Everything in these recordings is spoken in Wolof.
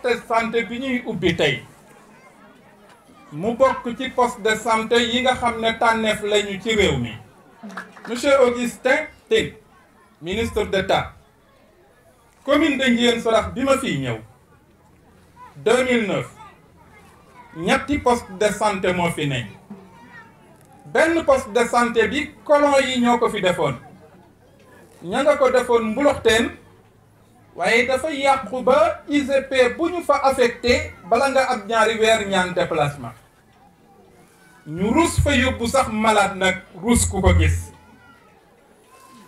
poste de santé bi ñuy ubbi tey mu bokk ci poste de santé yi nga xam ne tànneef lañu ci réew mi monsieur Augustin Tine ministre d'État commune de Ndiéyène Sirakh bi ma fiy ñëw 2009 ñetti poste de santé moo fi ne benn post de santé bi colon yi ñoo ko fi defoon ña nga ko defoon mbuloxteen waaye dafa yàqu ba IGP bu ñu fa affecté bala nga ab ñaari weer ñaan déplacement ñu rus fa yóbbu sax malaat nag rus ku ko gis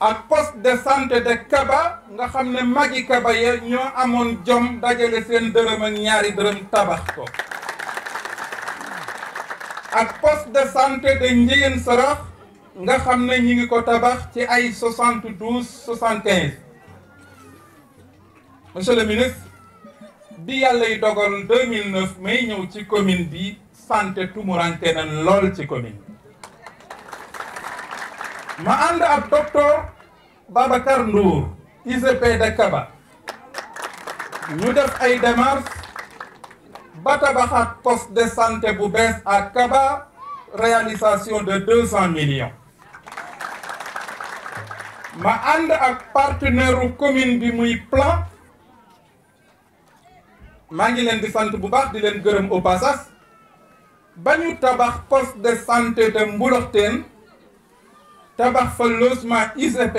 ak poste de santé de Kaba nga xam ne magi Kaba ya ñoo amoon jom dajale seen dërëm ak ñaari dërëm tabax ko ak poste de santé de Ndiéyène Sirakh nga xam ne ñi ngi ko tabax ci ay soixante douze soixante quinze monsieur le ministre bi yàlla yi dogal 2009 may ñëw ci commune bi santé tumurante na lool ci commune bi ma ànd ak docteur Babacar Ndour ICP de Kaba ñu def ay démarches ba tabaxaat poste de santé bu bees à Kaba réalisation de 200 millions ma ànd ak partenaire commune bi muy plan maa ngi leen di sant bu baax di leen gërëm au passage ba ñu tabax poste de santé de Mboulokhteen tabax fa logement ICP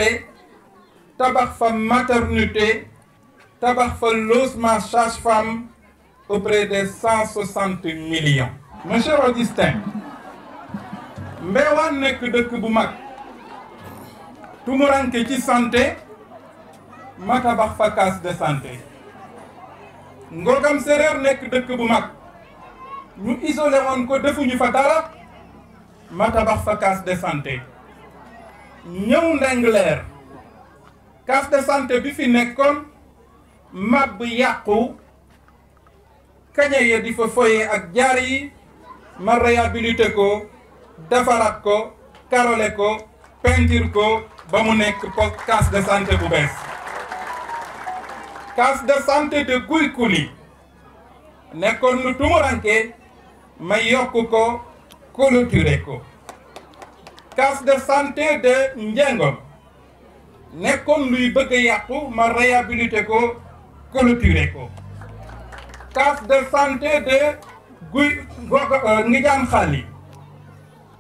tabax fa maternité tabax fa logement sage-femme auprès des cent soixante millions monsieur Augustin Mbewaan nekk dëkk bu mag tumuranke ci santé ma tabax fa case de santé Ngorgam Séréer nekk dëkk bu mag ñu isole woon ko defuñu fa dara ma tabax fa case de santé ñëw Ndengleer case de santé bi fi nekkoon mab yàqu kaña ya di fa foye ak jaar yi ma réhabilité ko defaraat ko karole ko peinture ko ba mu nekk po case de santé bu bees case de santé de Gouy Kuli nekkoon lu tumuranke ma yokk ko coloture ko case de santé de Njengom nekkoon luy bëgg a yàqu ma réhabilité ko coloture ko case de santé de Guy euh, Ngijaan Xali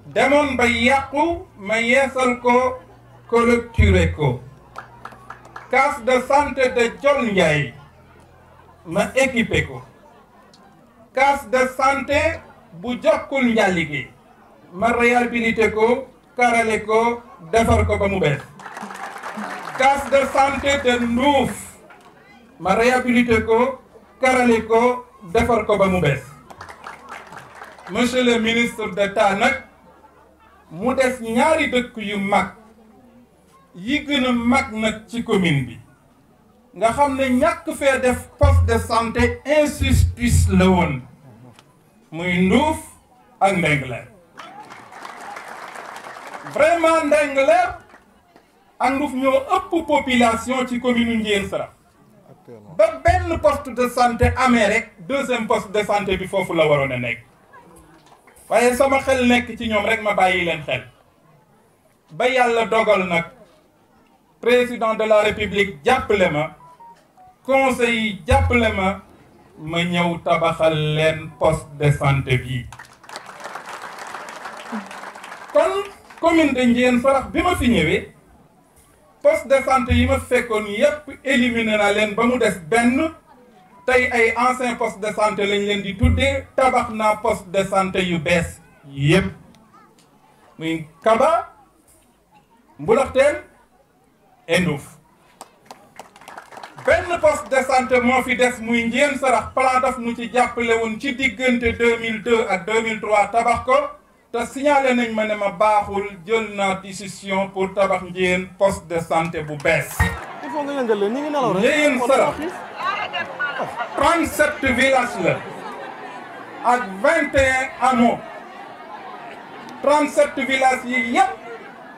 demoon ba yàqu ma yeesal ko clôturer ko case de santé de Thione Ndiaye ma équipé ko cas de santé bu jokkul njàlligi ma réhabilité ko karale ko defar ko ba mu bees case de santé de Nduuf ma réhabilité ko karale ko defar ko ba mu bees monsieur le ministre d'État nag mu des ñaari dëkk yu mag yi gën a mag nag ci commune bi nga xam ne ñàkk fee def poste de santé injustice la woon muy nduuf ak Ndingler vraiment Ndingler ak nduuf ñoo ëpp population ci commune Ndiéyène Sirah ba benn poste de santé amee rek deuxième poste de santé bi foofu la waroon a nekk waaye sama xel nekk ci ñoom rek ma bàyyi leen xel ba yàlla dogal nag président de la république jàppale ma conseil yi jàppale ma ma ñëw tabaxal leen poste de santé bii kon commune de Ndiéyène Sirakh bi ma fi ñëwee poste de santé yi ma fekkoon yépp éliminé naa leen ba mu des benn tey ay ancien poste de santé lañ leen di tuddee tabax naa poste de santé yu bees yépp muy Kaba Mbulaxteen et Ndouf benn poste de santé moo fi des muy njéen sarax plan daf nu ci jàppale woon ci diggante 2002 ak 2003 tabax ko te signalé nañ ma ne ma baaxul jël naa décision pour tabax njéen poste de santé bu bees. il faut nga yëngal ngi nelaw rek. njéen sarax 37 villages la ak 21 hameaux 37 yi yëpp.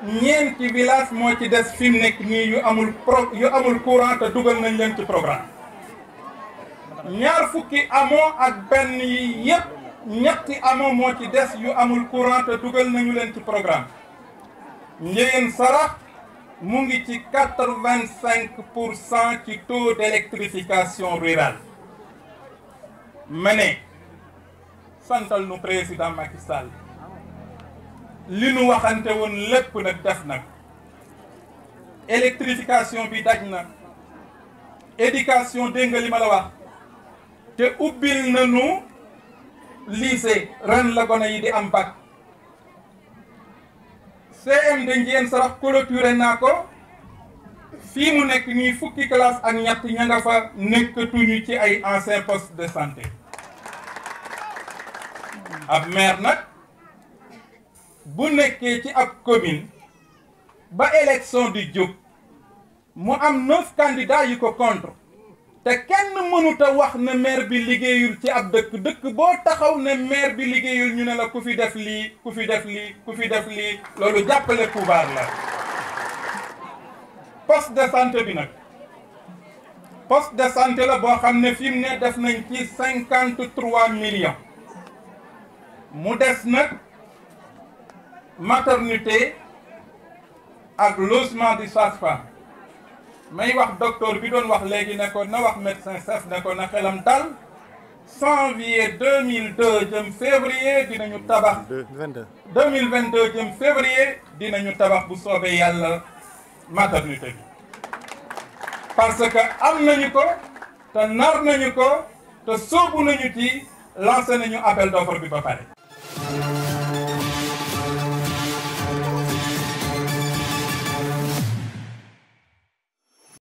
ñeenti village moo ci des fim nekk nii yu amul yu amul courant dugal nañ leen ci programme ñaar fukki amoo ak benn yi yëpp ñetti amoo moo ci des yu amul courant te dugal nañu leen ci programme njëyeen sarax mu ngi ci quatre-vingt-cinq pour ci taux d'électrification rurale ma ne nu président Macky Sall li nu waxante woon lépp nag def nag électrification bi daj na éducation dégg nga li ma la wax te ubbil nañu lycée ren la gone yi di am bac CM de Ndiène Sarax clôturé naa ko fii mu nekk nii fukki classe ak ñett ña nga fa nekkatuñu ci ay ancien poste de santé ab maire nag bu nekkee ci ab commune ba élection di jub mu am neuf candidats yu ko contre te kenn mënut wax na maire bi liggéeyul ci ab dëkk dëkk boo taxaw ne maire bi liggéeyul ñu ne la ku fi def lii ku fi def lii ku fi def lii loolu jàppale pouvoir la poste de santé bi nag poste de santé la boo xam ne fi mu ne def nañ ci cinquante trois millions mu des nag maternité ak logement di sage-femme may wax docteur bi doon wax léegi ne ko na wax médecin chef ne ko na xelam dal janvier 2002 jëm février dinañu tabax deux mille 2022 jëm février dinañu tabax bu soobee yàlla maternité bi parce que am nañu ko te nar nañu ko te sóobu nañu ci lancé nañu appel d'offre bi ba pare